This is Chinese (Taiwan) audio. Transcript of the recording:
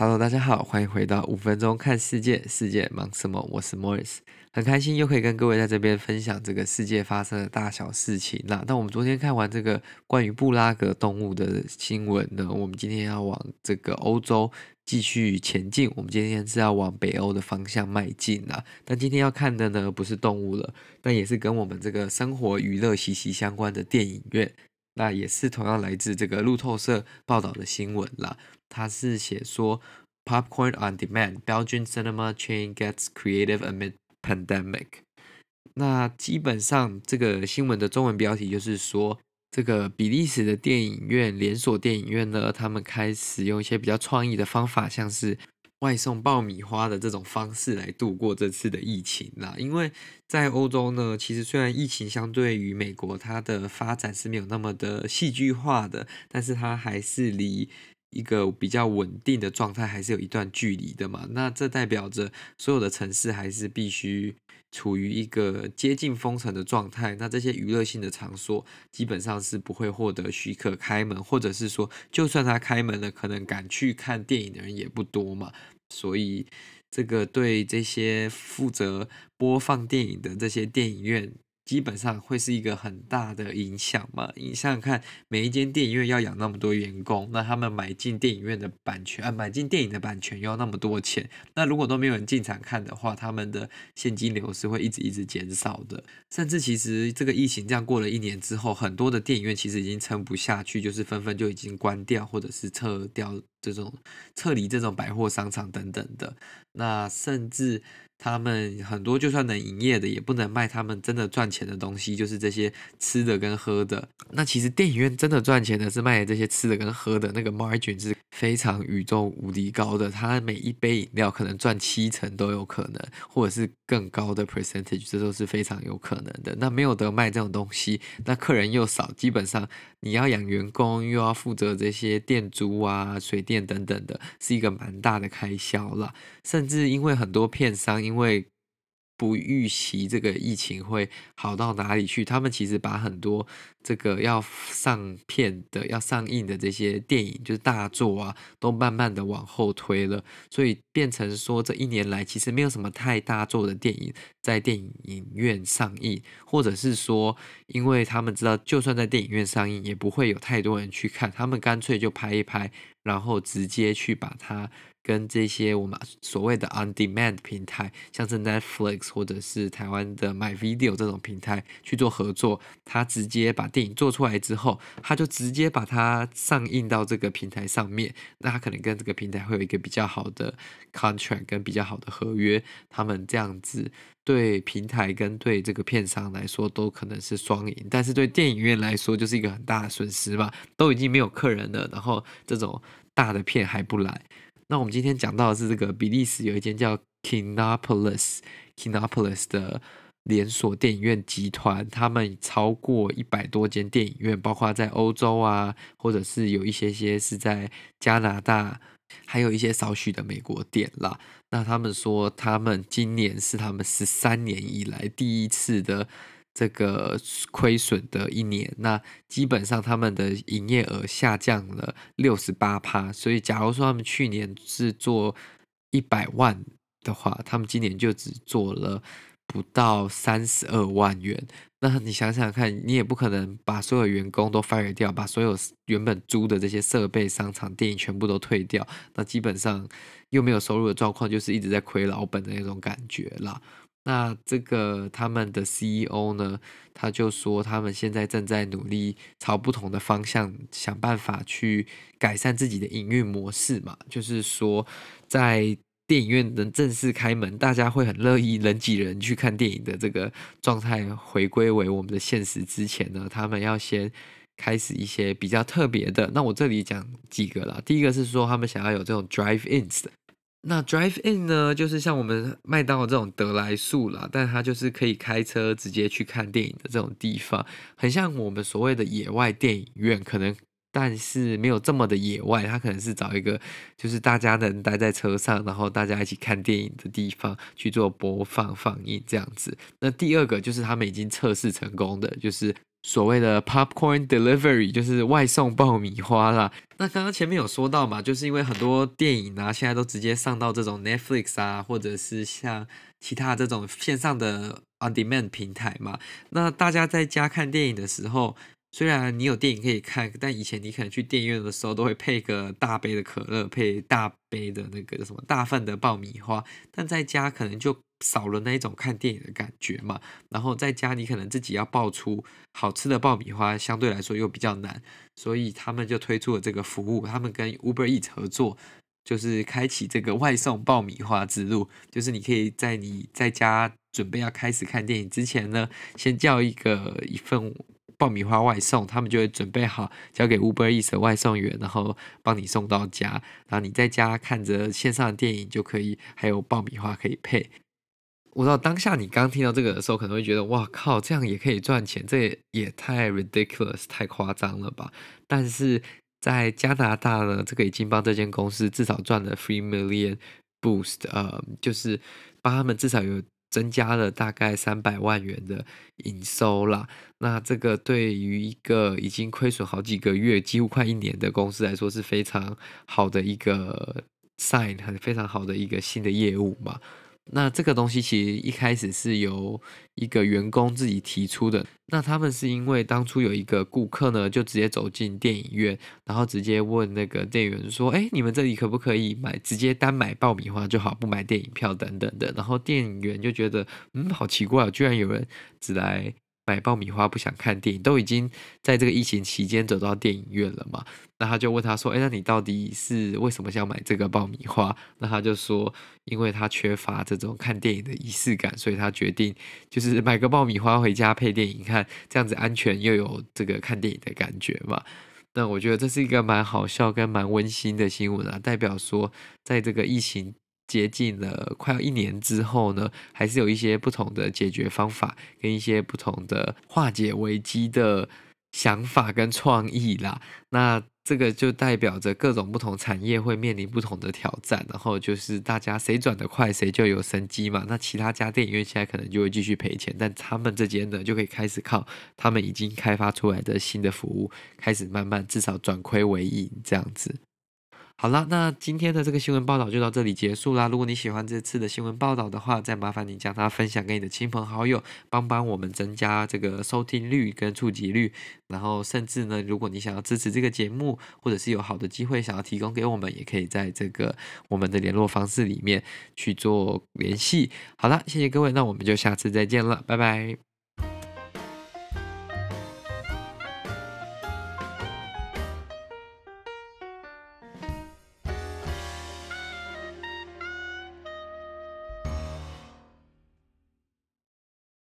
哈嘍，Hello, 大家好，歡迎回到五分鐘看世界，世界忙什麼？我是莫里斯，很開心又可以跟各位在這邊分享這個世界發生的大小事情啦、啊。那我們昨天看完這個關於布拉格動物的新聞呢，我們今天要往這個歐洲繼續前進，我們今天是要往北歐的方向邁進啦、啊。但今天要看的呢，不是動物了，但也是跟我們這個生活娛樂息息相關的電影院。那也是同樣來自這個路透社報道的新聞啦。他是寫說，Popcorn on Demand: Belgian Cinema Chain Gets Creative Amid Pandemic。那基本上這個新聞的中文標題就是說，這個比利時的電影院，連鎖電影院呢，他們開始用一些比較創意的方法，像是。外送爆米花的這種方式來度過這次的疫情啦，啊，因為在歐洲呢，其實雖然疫情相對於美國，它的發展是沒有那麼的戲劇化的，但是它還是離一個比較穩定的狀態還是有一段距離的嘛。那這代表着所有的城市還是必須。處於一個接近封城的狀態，那這些娛樂性的場所基本上是不會獲得許可開門，或者是說，就算他開門了，可能敢去看電影的人也不多嘛。所以，這個對這些負責播放電影的這些電影院。基本上會是一個很大的影響嘛。你想想看，每一間電影院要養那麼多員工，那他們買進電影院的版權啊，買進電影的版權要那麼多錢，那如果都沒有人進場看的話，他們的現金流是會一直一直減少的。甚至其實這個疫情這樣過了一年之後，很多的電影院其實已經撐不下去，就是紛紛就已經關掉或者是撤掉。這種撤離這種百貨商場等等的，那甚至他們很多就算能營業的，也不能賣他們真的賺錢的東西，就是這些吃的跟喝的。那其實電影院真的賺錢的是賣這些吃的跟喝的，那個 margin 是非常宇宙無敵高的，他每一杯飲料可能賺七成都有可能，或者是更高的 percentage，這都是非常有可能的。那沒有得賣這種東西，那客人又少，基本上你要養員工，又要負責這些店租啊水電。店等等的，是一個蠻大的開銷啦。甚至因為很多片商因為不預期這個疫情會好到哪裡去，他們其實把很多這個要上片的、要上映的這些電影，就是大作啊，都慢慢的往後推了。所以變成說，這一年來其實沒有什麼太大作的電影在電影院上映，或者是說，因為他們知道，就算在電影院上映，也不會有太多人去看，他們乾脆就拍一拍。然後直接去把它跟這些我們所謂的 on demand 平台，像是 Netflix 或者是台灣的 My Video 這種平台去做合作。他直接把電影做出來之後，他就直接把它上映到這個平台上面。那他可能跟這個平台會有一個比較好的 contract 跟比較好的合約，他們這樣子。對平台跟對這個片商來說都可能是雙贏，但是對電影院來說就是一個很大的損失吧，都已經沒有客人了，然後這種大的片還不來。那我們今天講到的是這個比利時有一間叫 Kinopolis Kinopolis 的連鎖電影院集團，他們超過一百多間電影院，包括在歐洲啊，或者是有一些些是在加拿大。還有一些少許的美國店啦，那他們說他們今年是他們十三年以來第一次的這個虧損的一年，那基本上他們的營業額下降了六十八趴，所以假如說他們去年是做一百萬的話，他們今年就只做了，不到三十二萬元，那你想想看，你也不可能把所有員工都 fire 掉，把所有原本租的這些設備、商場、電影全部都退掉，那基本上又沒有收入的狀況，就是一直在虧老本的那種感覺啦。那這個他們的 CEO 呢，他就說他們現在正在努力朝不同的方向想辦法去改善自己的營運模式嘛，就是說在。電影院能正式開門，大家會很樂意人擠人去看電影的這個狀態回歸為我們的現實之前呢，他們要先開始一些比較特別的。那我這裡講幾個啦，第一個是說他們想要有這種 drive-ins 的，那 drive-in 呢，就是像我們麥當勞這種得來速啦，但它就是可以開車直接去看電影的這種地方，很像我們所謂的野外電影院，可能。但是沒有這麼的野外，他可能是找一個就是大家能待在車上，然後大家一起看電影的地方去做播放放映這樣子。那第二個就是他們已經測試成功的，就是所謂的 popcorn delivery，就是外送爆米花啦。那剛剛前面有說到嘛，就是因為很多電影啊，現在都直接上到這種 Netflix 啊，或者是像其他這種線上的 on demand 平台嘛，那大家在家看電影的時候。雖然你有電影可以看，但以前你可能去電影院的時候都會配個大杯的可樂，配大杯的那個什麼大份的爆米花，但在家可能就少了那一種看電影的感覺嘛。然後在家你可能自己要爆出好吃的爆米花，相對來說又比較難，所以他們就推出了這個服務，他們跟 Uber Eats 合作，就是開啟這個外送爆米花之路，就是你可以在你在家準備要開始看電影之前呢，先叫一個一份。爆米花外送，他們就會準備好交給 Uber Eats 的外送員，然後幫你送到家，然後你在家看着線上的電影就可以，還有爆米花可以配。我知道當下你剛聽到這個的時候，可能會覺得“哇靠，這樣也可以賺錢？這也，也太 ridiculous，太誇張了吧？”但是在加拿大呢，這個已經幫這間公司至少賺了 three million boost，呃，就是幫他們至少有。增加了大概三百萬元的營收啦，那這個對於一個已經虧損好幾個月，幾乎快一年的公司來說，是非常好的一個 sign，非常好的一個新的業務嘛。那這個東西其實一開始是由一個員工自己提出的。那他們是因為當初有一個顧客呢，就直接走進電影院，然後直接問那個店員說：“哎，你們這裡可不可以買，直接單買爆米花就好，不買電影票等等的？”然後店員就覺得：“嗯，好奇怪哦，居然有人只來。”買爆米花不想看電影，都已經在這個疫情期間走到電影院了嘛？那他就問他說：“欸，那你到底是為什麼想買這個爆米花？”那他就說：“因為他缺乏這種看電影的儀式感，所以他決定就是買個爆米花回家配電影看，這樣子安全又有這個看電影的感覺嘛。”那我覺得這是一個蠻好笑跟蠻溫馨的新聞啊，代表說在這個疫情。接近了快要一年之後呢，還是有一些不同的解決方法，跟一些不同的化解危機的想法跟創意啦。那這個就代表着各種不同產業會面臨不同的挑戰，然後就是大家誰轉得快，誰就有生機嘛。那其他家電影院現在可能就會繼續賠錢，但他們這間呢，就可以開始靠他們已經開發出來的新的服務，開始慢慢至少轉虧為盈這樣子。好了，那今天的這個新聞報道就到這裡結束啦。如果你喜歡這次的新聞報道的話，再麻煩你將它分享給你的親朋好友，幫幫我們增加這個收聽率跟觸及率。然後，甚至呢，如果你想要支持這個節目，或者是有好的機會想要提供給我們，也可以在這個我們的聯絡方式裡面去做聯繫。好了，謝謝各位，那我們就下次再見了，拜拜。